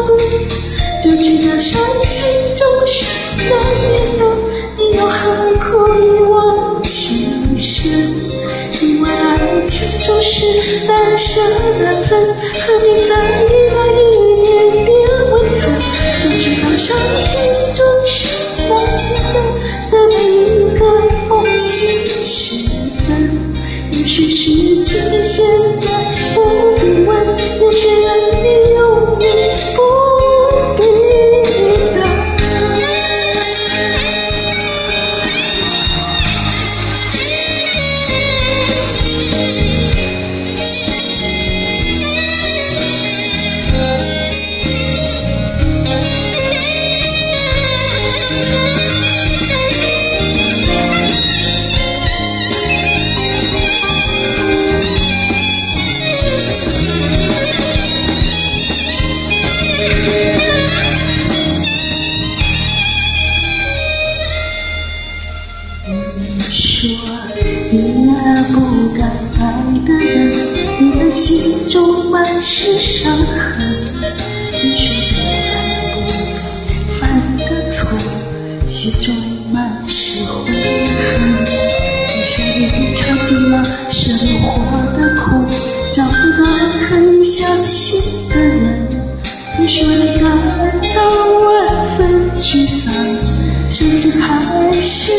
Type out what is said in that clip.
就知道傷心總是難免的，你又何苦一往情深？因為愛情總是難捨難分，何必在意那一點點溫存？就知道傷心總是難免的，在每一個夢醒時分，也許是情深。心中滿是傷痕，你說你犯了不該犯的錯，心中滿是悔恨。你說你嘗盡了生活的苦，找不到可以相信的人。你說你感到萬分沮喪，甚至開始。